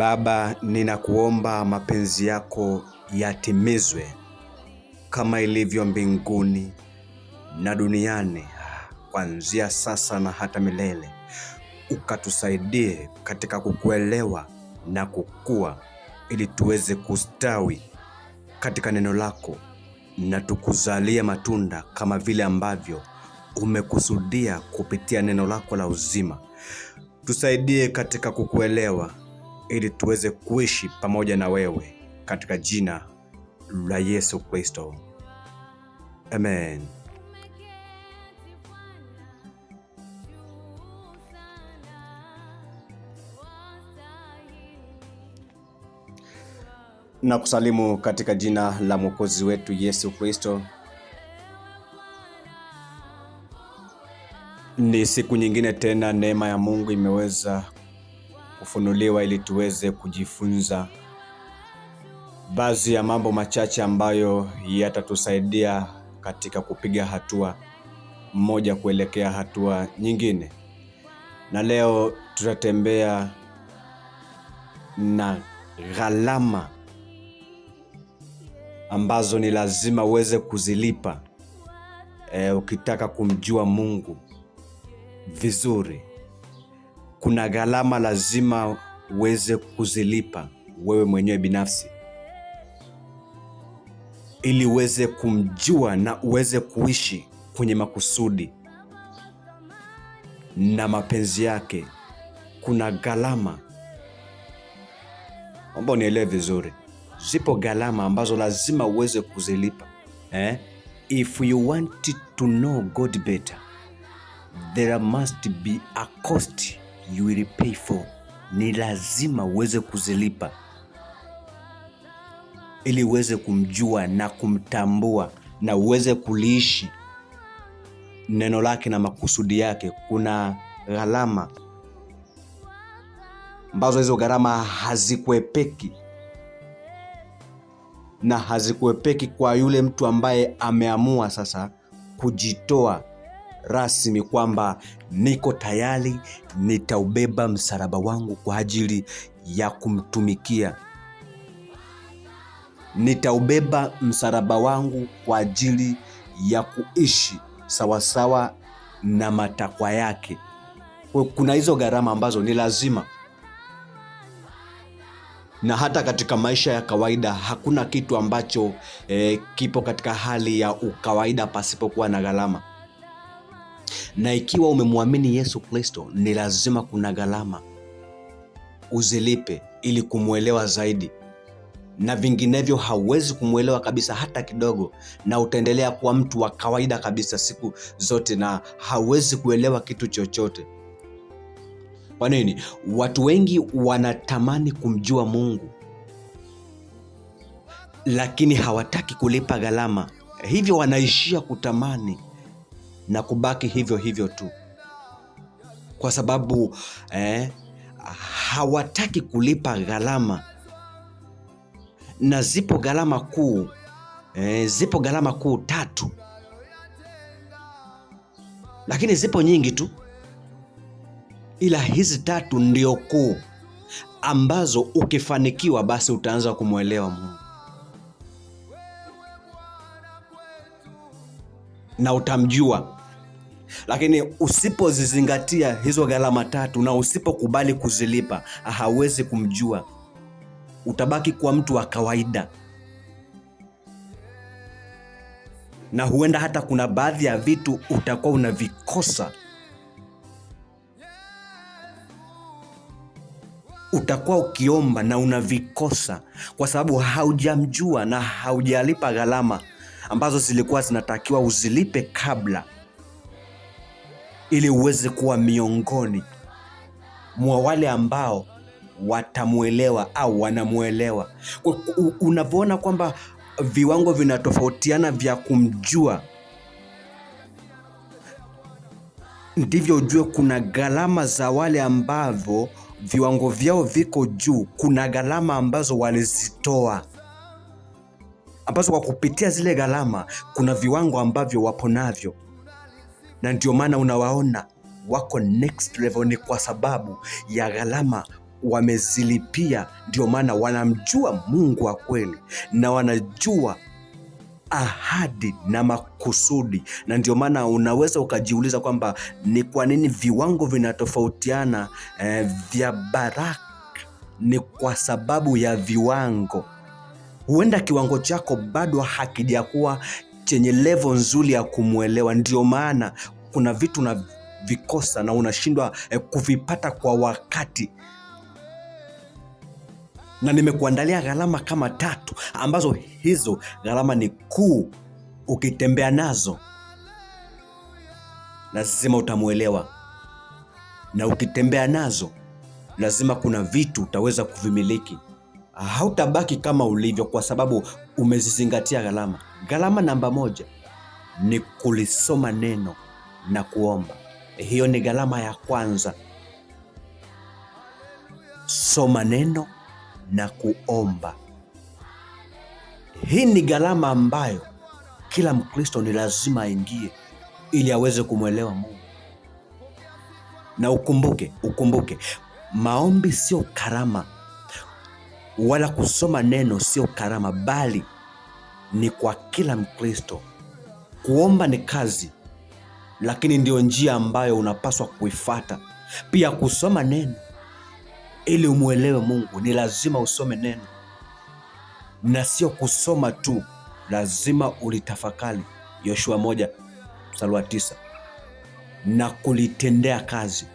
Baba, ninakuomba mapenzi yako yatimizwe kama ilivyo mbinguni na duniani kuanzia sasa na hata milele. Ukatusaidie katika kukuelewa na kukua, ili tuweze kustawi katika neno lako na tukuzalie matunda kama vile ambavyo umekusudia kupitia neno lako la uzima. Tusaidie katika kukuelewa ili tuweze kuishi pamoja na wewe katika jina la Yesu Kristo. Amen. Na kusalimu katika jina la Mwokozi wetu Yesu Kristo. Ni siku nyingine tena, neema ya Mungu imeweza kufunuliwa ili tuweze kujifunza baadhi ya mambo machache ambayo yatatusaidia katika kupiga hatua moja kuelekea hatua nyingine. Na leo tutatembea na gharama ambazo ni lazima uweze kuzilipa e, ukitaka kumjua Mungu vizuri kuna gharama lazima uweze kuzilipa wewe mwenyewe binafsi ili uweze kumjua na uweze kuishi kwenye makusudi na mapenzi yake. Kuna gharama, ambao unielewe vizuri, zipo gharama ambazo lazima uweze kuzilipa eh? If you want to know God better there must be a cost you will pay for, ni lazima uweze kuzilipa ili uweze kumjua na kumtambua na uweze kuliishi neno lake na makusudi yake. Kuna gharama ambazo hizo gharama hazikuepeki na hazikuepeki kwa yule mtu ambaye ameamua sasa kujitoa rasmi kwamba niko tayari, nitaubeba msalaba wangu kwa ajili ya kumtumikia. Nitaubeba msalaba wangu kwa ajili ya kuishi sawasawa na matakwa yake. Kuna hizo gharama ambazo ni lazima, na hata katika maisha ya kawaida hakuna kitu ambacho eh, kipo katika hali ya ukawaida pasipokuwa na gharama na ikiwa umemwamini Yesu Kristo, ni lazima kuna gharama uzilipe ili kumwelewa zaidi, na vinginevyo hauwezi kumwelewa kabisa hata kidogo, na utaendelea kuwa mtu wa kawaida kabisa siku zote na hauwezi kuelewa kitu chochote. Kwa nini? Watu wengi wanatamani kumjua Mungu lakini hawataki kulipa gharama, hivyo wanaishia kutamani na kubaki hivyo hivyo tu, kwa sababu eh, hawataki kulipa gharama, na zipo gharama kuu eh, zipo gharama kuu tatu, lakini zipo nyingi tu, ila hizi tatu ndio kuu ambazo ukifanikiwa basi utaanza kumwelewa Mungu na utamjua lakini usipozizingatia hizo gharama tatu na usipokubali kuzilipa, hauwezi kumjua, utabaki kuwa mtu wa kawaida, na huenda hata kuna baadhi ya vitu utakuwa unavikosa, utakuwa ukiomba na unavikosa kwa sababu haujamjua na haujalipa gharama ambazo zilikuwa zinatakiwa uzilipe kabla ili uweze kuwa miongoni mwa wale ambao watamwelewa au wanamwelewa. Unavyoona kwamba viwango vinatofautiana vya kumjua, ndivyo ujue kuna gharama za wale ambavyo viwango vyao viko juu. Kuna gharama ambazo walizitoa, ambazo kwa kupitia zile gharama kuna viwango ambavyo wapo navyo na ndio maana unawaona wako next level, ni kwa sababu ya gharama wamezilipia. Ndio maana wanamjua Mungu wa kweli na wanajua ahadi na makusudi, na ndio maana unaweza ukajiuliza kwamba ni kwa nini viwango vinatofautiana eh, vya baraka. Ni kwa sababu ya viwango. Huenda kiwango chako bado hakijakuwa chenye level nzuri ya kumwelewa. Ndio maana kuna vitu na vikosa na unashindwa eh, kuvipata kwa wakati na nimekuandalia gharama kama tatu ambazo hizo gharama ni kuu. Ukitembea nazo lazima utamwelewa, na ukitembea nazo lazima kuna vitu utaweza kuvimiliki hautabaki kama ulivyo kwa sababu umezizingatia gharama. Gharama namba moja ni kulisoma neno na kuomba. Hiyo ni gharama ya kwanza. Soma neno na kuomba. Hii ni gharama ambayo kila Mkristo ni lazima aingie ili aweze kumwelewa Mungu. Na ukumbuke, ukumbuke maombi sio karama wala kusoma neno sio karama, bali ni kwa kila Mkristo. Kuomba ni kazi, lakini ndiyo njia ambayo unapaswa kuifata. Pia kusoma neno ili umwelewe Mungu, ni lazima usome neno na sio kusoma tu, lazima ulitafakari. Yoshua moja mstari wa tisa na kulitendea kazi.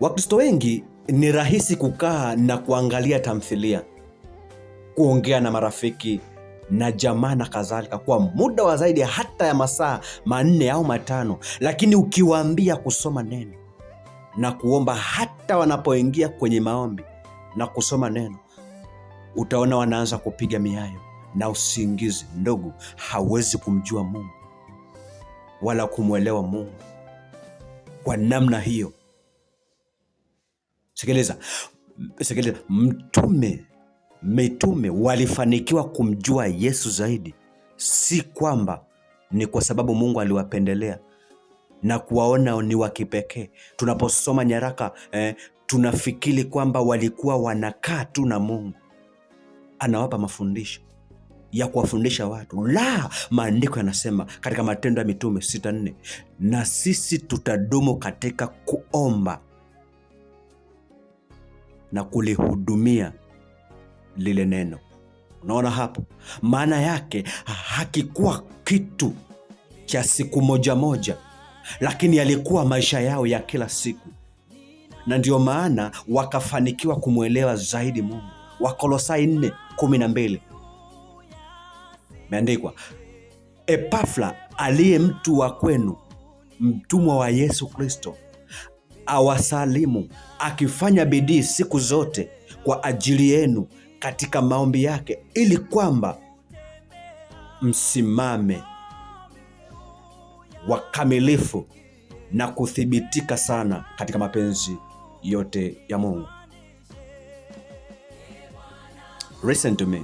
Wakristo wengi ni rahisi kukaa na kuangalia tamthilia, kuongea na marafiki na jamaa na kadhalika kwa muda wa zaidi hata ya masaa manne au matano, lakini ukiwaambia kusoma neno na kuomba, hata wanapoingia kwenye maombi na kusoma neno, utaona wanaanza kupiga miayo na usingizi. ndogo hawezi kumjua Mungu wala kumwelewa Mungu kwa namna hiyo. Sikiliza, sikiliza, mtume mitume walifanikiwa kumjua Yesu zaidi, si kwamba ni kwa sababu Mungu aliwapendelea na kuwaona ni wa kipekee. Tunaposoma nyaraka eh, tunafikiri kwamba walikuwa wanakaa tu na Mungu anawapa mafundisho ya kuwafundisha watu. La, maandiko yanasema katika Matendo ya Mitume sita nne na sisi tutadumu katika kuomba na kulihudumia lile neno. Unaona hapo, maana yake hakikuwa kitu cha siku moja moja, lakini yalikuwa maisha yao ya kila siku, na ndiyo maana wakafanikiwa kumwelewa zaidi Mungu. Wakolosai 4:12 imeandikwa, epafla aliye mtu wa kwenu, mtumwa wa Yesu Kristo awasalimu akifanya bidii siku zote kwa ajili yenu katika maombi yake ili kwamba msimame wakamilifu na kuthibitika sana katika mapenzi yote ya Mungu. Listen to me.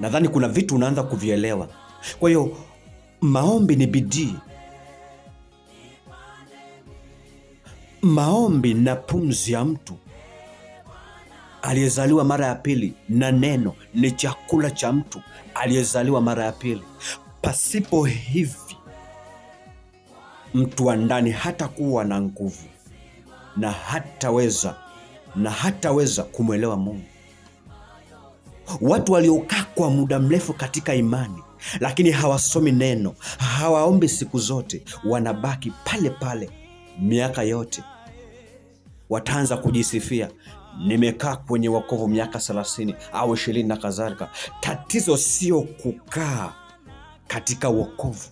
Nadhani kuna vitu unaanza kuvielewa. Kwa hiyo maombi ni bidii maombi na pumzi ya mtu aliyezaliwa mara ya pili na neno ni chakula cha mtu aliyezaliwa mara ya pili. Pasipo hivi, mtu wa ndani hatakuwa na nguvu na hataweza na hataweza kumwelewa Mungu. Watu waliokaa kwa muda mrefu katika imani lakini hawasomi neno, hawaombi siku zote, wanabaki pale pale miaka yote wataanza kujisifia, nimekaa kwenye wakovu miaka thelathini au ishirini na kadhalika. Tatizo sio kukaa katika wokovu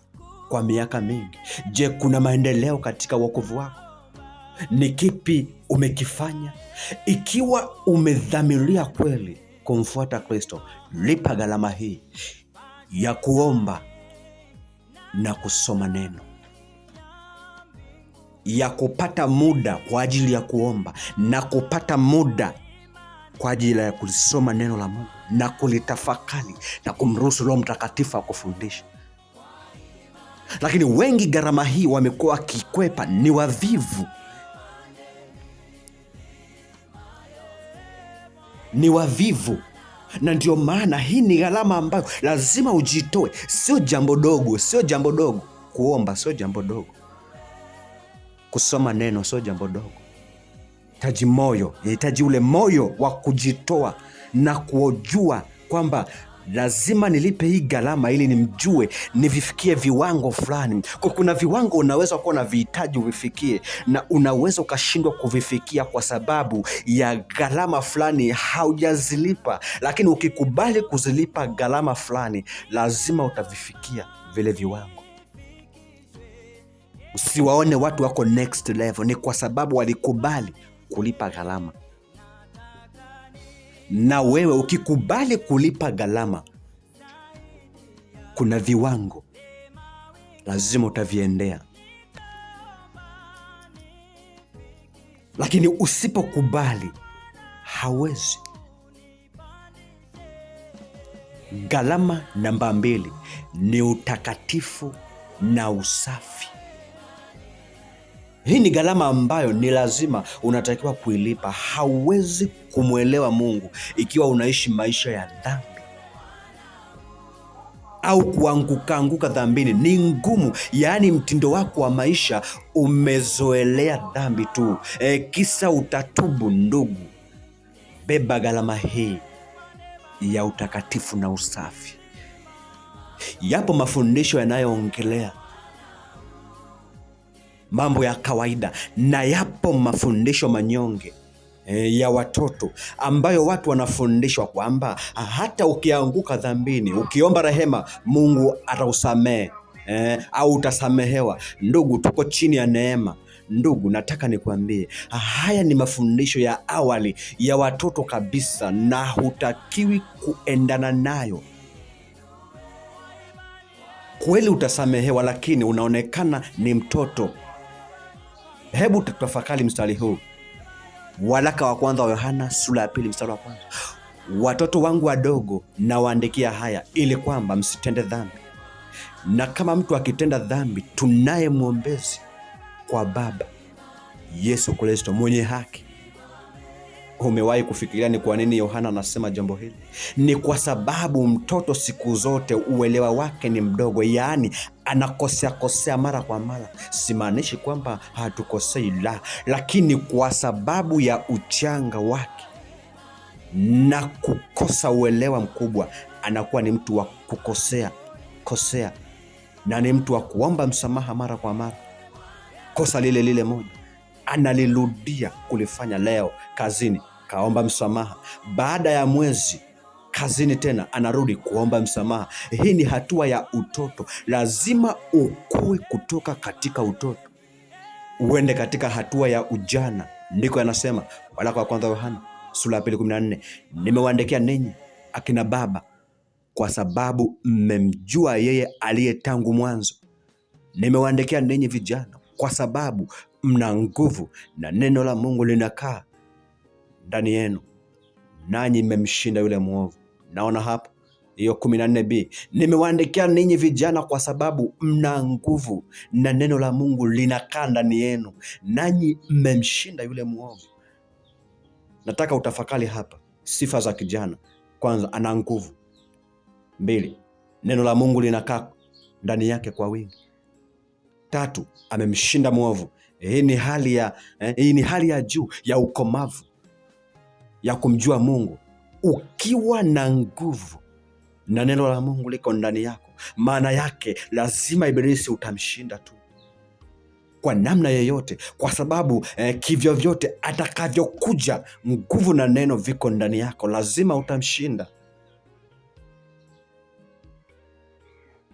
kwa miaka mingi. Je, kuna maendeleo katika wokovu wako? Ni kipi umekifanya? Ikiwa umedhamiria kweli kumfuata Kristo, lipa gharama hii ya kuomba na kusoma neno ya kupata muda kwa ajili ya kuomba na kupata muda kwa ajili ya kulisoma neno la Mungu na kulitafakari na kumruhusu Roho Mtakatifu akufundisha. Lakini wengi gharama hii wamekuwa wakikwepa, ni wavivu, ni wavivu na ndio maana hii ni gharama ambayo lazima ujitoe. Sio jambo dogo, sio jambo dogo. Kuomba sio jambo dogo. Kusoma neno sio jambo dogo, hitaji moyo, inahitaji ule moyo wa kujitoa na kuojua kwamba lazima nilipe hii gharama ili nimjue, nivifikie viwango fulani. Kwa kuna viwango unaweza kuwa na vihitaji uvifikie, na unaweza ukashindwa kuvifikia kwa sababu ya gharama fulani haujazilipa, lakini ukikubali kuzilipa gharama fulani, lazima utavifikia vile viwango usiwaone watu wako next level, ni kwa sababu walikubali kulipa gharama. Na wewe ukikubali kulipa gharama, kuna viwango lazima utaviendea, lakini usipokubali hawezi. Gharama namba mbili ni utakatifu na usafi. Hii ni gharama ambayo ni lazima unatakiwa kuilipa. Hauwezi kumwelewa Mungu ikiwa unaishi maisha ya dhambi au kuangukaanguka dhambini. Ni ngumu, yaani mtindo wako wa maisha umezoelea dhambi tu. E, kisa utatubu. Ndugu, beba gharama hii ya utakatifu na usafi. Yapo mafundisho yanayoongelea mambo ya kawaida, na yapo mafundisho manyonge E, ya watoto ambayo watu wanafundishwa kwamba hata ukianguka dhambini ukiomba rehema Mungu atausamehe e, au utasamehewa. Ndugu, tuko chini ya neema. Ndugu, nataka nikwambie haya ni mafundisho ya awali ya watoto kabisa, na hutakiwi kuendana nayo. Kweli utasamehewa, lakini unaonekana ni mtoto Hebu tafakali mstari huu, waraka wa kwanza wa Yohana sura ya pili mstari wa kwanza watoto wangu wadogo nawaandikia haya ili kwamba msitende dhambi, na kama mtu akitenda dhambi, tunaye mwombezi kwa Baba, Yesu Kristo mwenye haki. Umewahi kufikiria ni kwa nini Yohana anasema jambo hili? Ni kwa sababu mtoto siku zote uelewa wake ni mdogo, yaani anakosea kosea mara kwa mara. Simaanishi kwamba hatukosei, la, lakini kwa sababu ya uchanga wake na kukosa uelewa mkubwa, anakuwa ni mtu wa kukosea kosea, na ni mtu wa kuomba msamaha mara kwa mara. Kosa lile lile moja analirudia kulifanya leo kazini kaomba msamaha. Baada ya mwezi kazini tena anarudi kuomba msamaha. Hii ni hatua ya utoto. Lazima ukue kutoka katika utoto uende katika hatua ya ujana. Ndiko anasema waraka wa kwanza Yohana sura ya pili kumi na nne nimewaandikia ninyi akina baba, kwa sababu mmemjua yeye aliye tangu mwanzo. Nimewaandikia ninyi vijana, kwa sababu mna nguvu na neno la Mungu linakaa ndani yenu, nanyi mmemshinda yule mwovu. Naona hapo hiyo kumi na nne b nimewaandikia ninyi vijana kwa sababu mna nguvu na neno la Mungu linakaa ndani yenu, nanyi mmemshinda yule mwovu. Nataka utafakari hapa sifa za kijana. Kwanza, ana nguvu. Mbili, neno la Mungu linakaa ndani yake kwa wingi. Tatu, amemshinda mwovu. Hii ni hali ya, eh, hii ni hali ya juu ya ukomavu ya kumjua Mungu ukiwa na nguvu na neno la Mungu liko ndani yako, maana yake lazima Ibilisi utamshinda tu kwa namna yeyote, kwa sababu eh, kivyovyote atakavyokuja, nguvu na neno viko ndani yako, lazima utamshinda.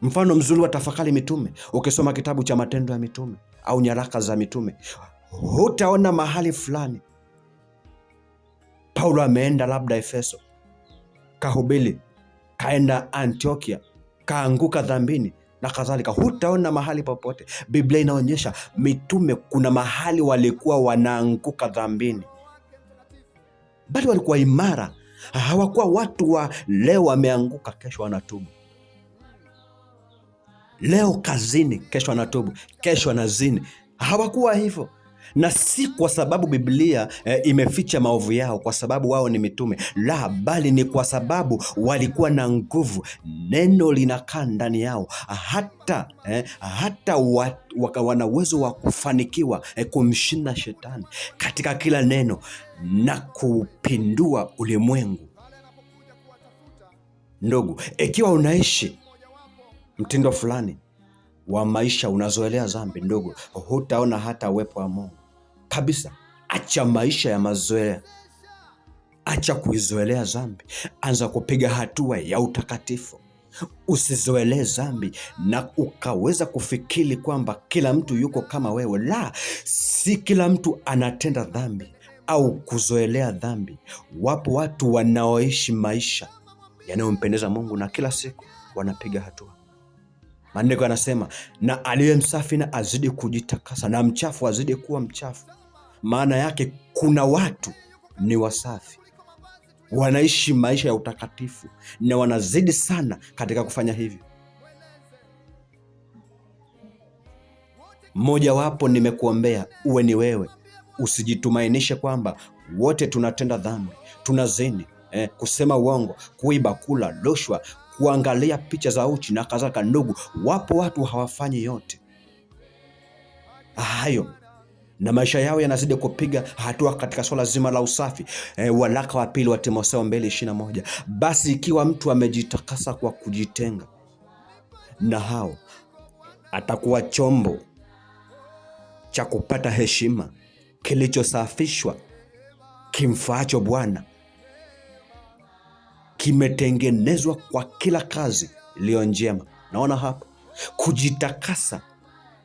Mfano mzuri wa tafakari mitume, ukisoma kitabu cha Matendo ya Mitume au nyaraka za mitume, hutaona mahali fulani Paulo ameenda labda Efeso, kahubili kaenda Antiokia, kaanguka dhambini na kadhalika. Hutaona mahali popote. Biblia inaonyesha mitume, kuna mahali walikuwa wanaanguka dhambini, bali walikuwa imara. Hawakuwa watu wa leo wameanguka, kesho wanatubu, leo kazini, kesho anatubu, kesho anazini. Hawakuwa hivyo na si kwa sababu Biblia eh, imeficha maovu yao kwa sababu wao ni mitume. La, bali ni kwa sababu walikuwa na nguvu, neno linakaa ndani yao hata, eh, hata wana uwezo wa kufanikiwa eh, kumshinda shetani katika kila neno na kupindua ulimwengu. Ndugu, ikiwa unaishi mtindo fulani wa maisha unazoelea dhambi ndugu, hutaona hata uwepo wa Mungu kabisa. Acha maisha ya mazoea, acha kuizoelea dhambi, anza kupiga hatua ya utakatifu. Usizoelee dhambi na ukaweza kufikiri kwamba kila mtu yuko kama wewe. La, si kila mtu anatenda dhambi au kuzoelea dhambi. Wapo watu wanaoishi maisha yanayompendeza Mungu na kila siku wanapiga hatua. Maandiko yanasema na aliye msafi na azidi kujitakasa na mchafu azidi kuwa mchafu. Maana yake kuna watu ni wasafi, wanaishi maisha ya utakatifu na wanazidi sana katika kufanya hivyo. Mmojawapo nimekuombea uwe ni wewe, usijitumainishe kwamba wote tunatenda dhambi, tunazini Eh, kusema uongo, kuiba, kula rushwa, kuangalia picha za uchi na kadhalika. Ndugu, wapo watu hawafanyi yote hayo na maisha yao yanazidi kupiga hatua katika swala zima la usafi. E, waraka wa pili wa Timotheo mbili moja basi ikiwa mtu amejitakasa kwa kujitenga na hao, atakuwa chombo cha kupata heshima kilichosafishwa kimfaacho Bwana kimetengenezwa kwa kila kazi iliyo njema. Naona hapa kujitakasa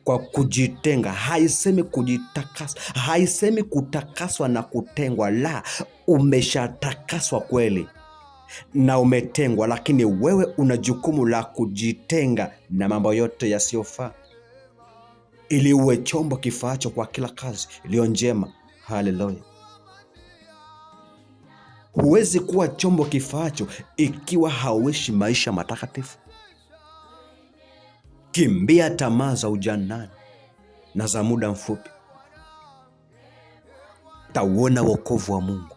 kwa kujitenga, haisemi kujitakasa, haisemi kutakaswa na kutengwa. La, umeshatakaswa kweli na umetengwa, lakini wewe una jukumu la kujitenga na mambo yote yasiyofaa, ili uwe chombo kifaacho kwa kila kazi iliyo njema. Haleluya! Huwezi kuwa chombo kifaacho ikiwa hauishi maisha matakatifu. Kimbia tamaa za ujanani na za muda mfupi, tauona wokovu wa Mungu,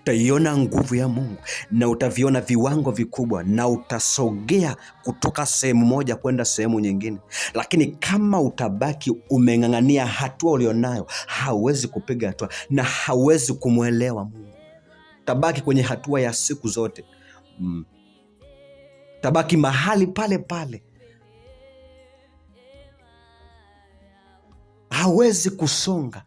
utaiona nguvu ya Mungu na utaviona viwango vikubwa, na utasogea kutoka sehemu moja kwenda sehemu nyingine. Lakini kama utabaki umeng'ang'ania hatua ulionayo, hauwezi kupiga hatua na hauwezi kumwelewa Mungu tabaki kwenye hatua ya siku zote mm. Tabaki mahali pale pale, hawezi kusonga.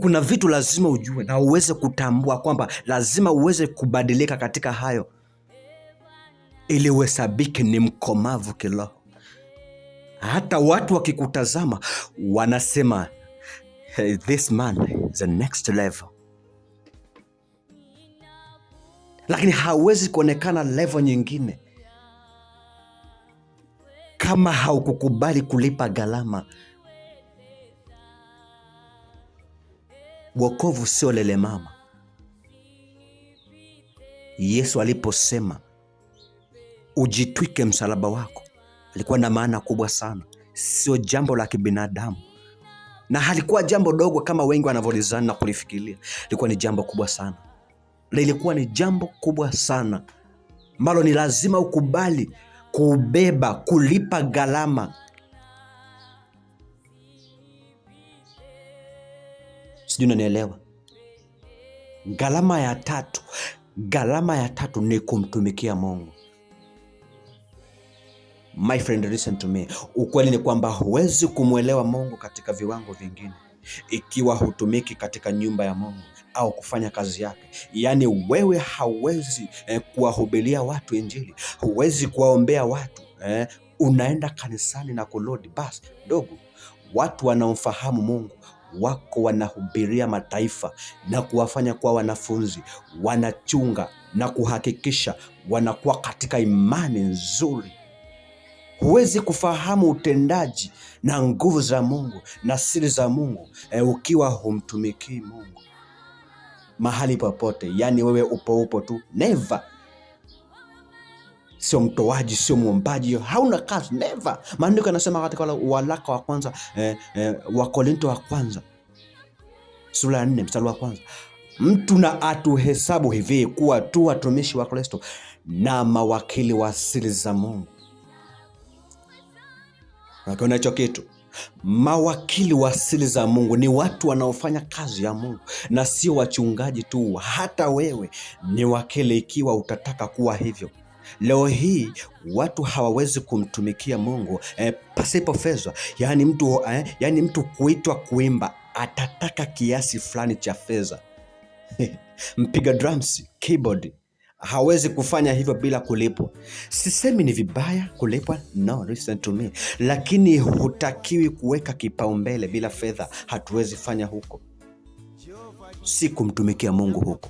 Kuna vitu lazima ujue na uweze kutambua kwamba lazima uweze kubadilika katika hayo, ili uhesabike ni mkomavu kiloho Hata watu wakikutazama wanasema, hey, this man is the next level lakini hauwezi kuonekana level nyingine kama haukukubali kulipa gharama. Wokovu sio lelemama. Yesu aliposema ujitwike msalaba wako, alikuwa na maana kubwa sana, sio jambo la kibinadamu na halikuwa jambo dogo kama wengi wanavyolizana na kulifikiria. Likuwa ni jambo kubwa sana na ilikuwa ni jambo kubwa sana ambalo ni lazima ukubali kubeba kulipa gharama. Sijui unanielewa? Gharama ya tatu, gharama ya tatu ni kumtumikia Mungu. My friend, listen to me. Ukweli ni kwamba huwezi kumwelewa Mungu katika viwango vingine ikiwa hutumiki katika nyumba ya Mungu au kufanya kazi yake. Yaani wewe hauwezi eh, kuwahubiria watu Injili, huwezi kuwaombea watu eh, unaenda kanisani na kulodi basi ndogo. Watu wanaomfahamu Mungu wako wanahubiria mataifa na kuwafanya kuwa wanafunzi, wanachunga na kuhakikisha wanakuwa katika imani nzuri. Huwezi kufahamu utendaji na nguvu za Mungu na siri za Mungu eh, ukiwa humtumikii Mungu mahali popote, yaani wewe upo upo tu, never. Sio mtoaji, sio mwombaji, hauna kazi, never. Maandiko yanasema katika waraka wa kwanza eh, eh, wa Korinto wa kwanza sura ya nne mstari wa kwanza mtu na atuhesabu hivi kuwa tu watumishi wa Kristo na mawakili wa siri za Mungu. Unakiona hicho kitu? Mawakili wa asili za Mungu ni watu wanaofanya kazi ya Mungu na sio wachungaji tu. Hata wewe ni wakili ikiwa utataka kuwa hivyo. Leo hii watu hawawezi kumtumikia Mungu eh, pasipo fedha. Yaani mtu, eh, yaani mtu kuitwa kuimba atataka kiasi fulani cha fedha mpiga drums, keyboard hawezi kufanya hivyo bila kulipwa. Sisemi ni vibaya kulipwa, no, listen to me, lakini hutakiwi kuweka kipaumbele. Bila fedha hatuwezi fanya huko, si kumtumikia Mungu huko.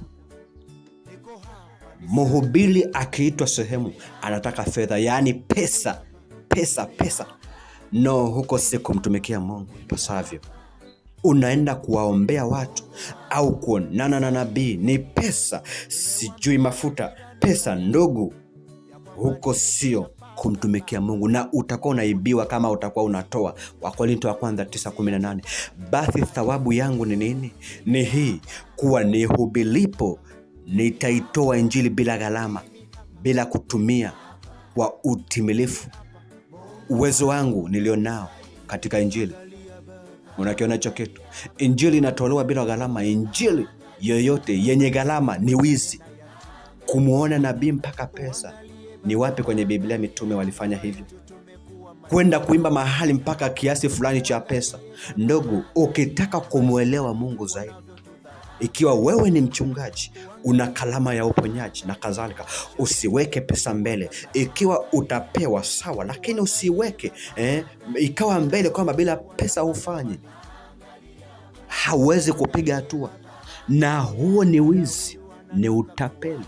Mhubiri akiitwa sehemu anataka fedha, yaani pesa, pesa, pesa. No, huko si kumtumikia Mungu ipasavyo unaenda kuwaombea watu au kuonana na nabii ni pesa, sijui mafuta, pesa ndogo, huko sio kumtumikia Mungu na utakuwa unaibiwa kama utakuwa unatoa. Wakorinto wa kwanza 9:18. Basi thawabu yangu ni nini? Ni hii kuwa nihubilipo nitaitoa Injili bila gharama, bila kutumia kwa utimilifu uwezo wangu nilionao katika Injili. Unakiona hicho kitu? Injili inatolewa bila gharama. Injili yoyote yenye gharama ni wizi. Kumuona nabii mpaka pesa, ni wapi kwenye Biblia mitume walifanya hivyo? Kwenda kuimba mahali mpaka kiasi fulani cha pesa. Ndugu, ukitaka kumwelewa Mungu zaidi, ikiwa wewe ni mchungaji, una kalama ya uponyaji na kadhalika, usiweke pesa mbele. Ikiwa utapewa sawa, lakini usiweke eh, ikawa mbele kwamba bila pesa ufanye, hauwezi kupiga hatua, na huo ni wizi, ni utapeli.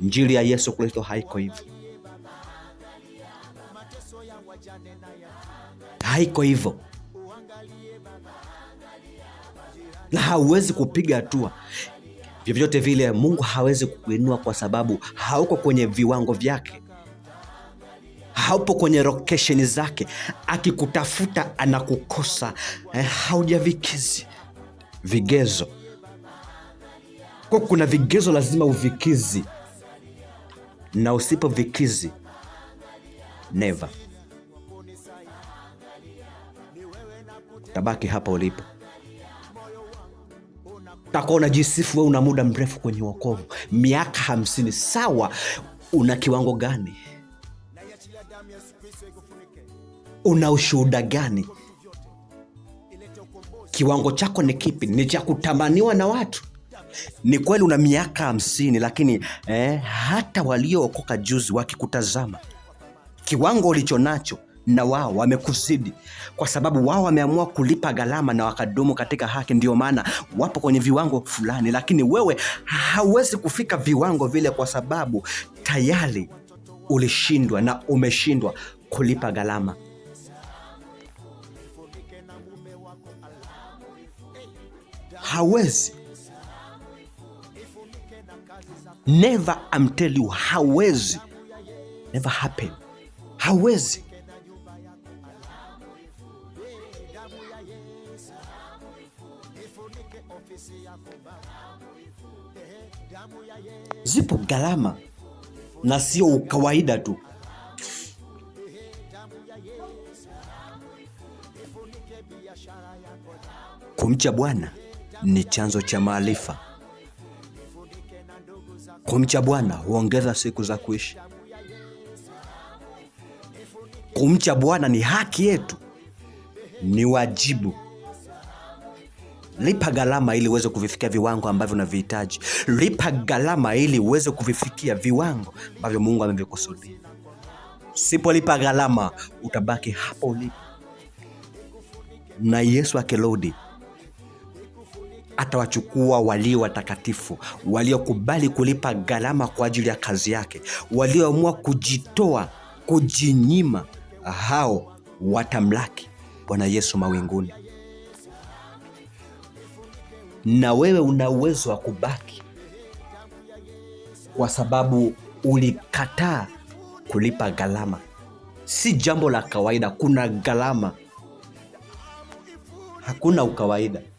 Injili ya Yesu Kristo haiko hivyo, haiko hivyo. na hauwezi kupiga hatua vyovyote vile. Mungu hawezi kukuinua kwa sababu hauko kwenye viwango vyake, haupo kwenye lokesheni zake. Akikutafuta anakukosa, eh, haujavikizi vigezo kwa kuna vigezo lazima uvikizi, na usipovikizi neva tabaki hapa ulipo utakuwa unajisifu wewe una muda mrefu kwenye wokovu, miaka hamsini. Sawa, una kiwango gani? Una ushuhuda gani? Kiwango chako ni kipi? Ni cha kutamaniwa na watu? Ni kweli una miaka hamsini, lakini eh, hata waliookoka juzi wakikutazama kiwango ulicho nacho na wao wamekuzidi, kwa sababu wao wameamua kulipa gharama na wakadumu katika haki. Ndio maana wapo kwenye viwango fulani, lakini wewe hauwezi kufika viwango vile, kwa sababu tayari ulishindwa na umeshindwa kulipa gharama. Hawezi, never, I'm tell you, hawezi, never happen, hawezi zipo gharama na sio ukawaida tu. Kumcha Bwana ni chanzo cha maarifa. Kumcha Bwana huongeza siku za kuishi. Kumcha Bwana ni haki yetu, ni wajibu. Lipa gharama ili uweze kuvifikia viwango ambavyo unavihitaji. Lipa gharama ili uweze kuvifikia viwango ambavyo Mungu amevikusudia. Usipolipa gharama, utabaki hapo ulipo, na Yesu akirudi atawachukua walio watakatifu, waliokubali kulipa gharama kwa ajili ya kazi yake, walioamua kujitoa, kujinyima. Hao watamlaki Bwana Yesu mawinguni na wewe una uwezo wa kubaki, kwa sababu ulikataa kulipa gharama. Si jambo la kawaida, kuna gharama, hakuna ukawaida.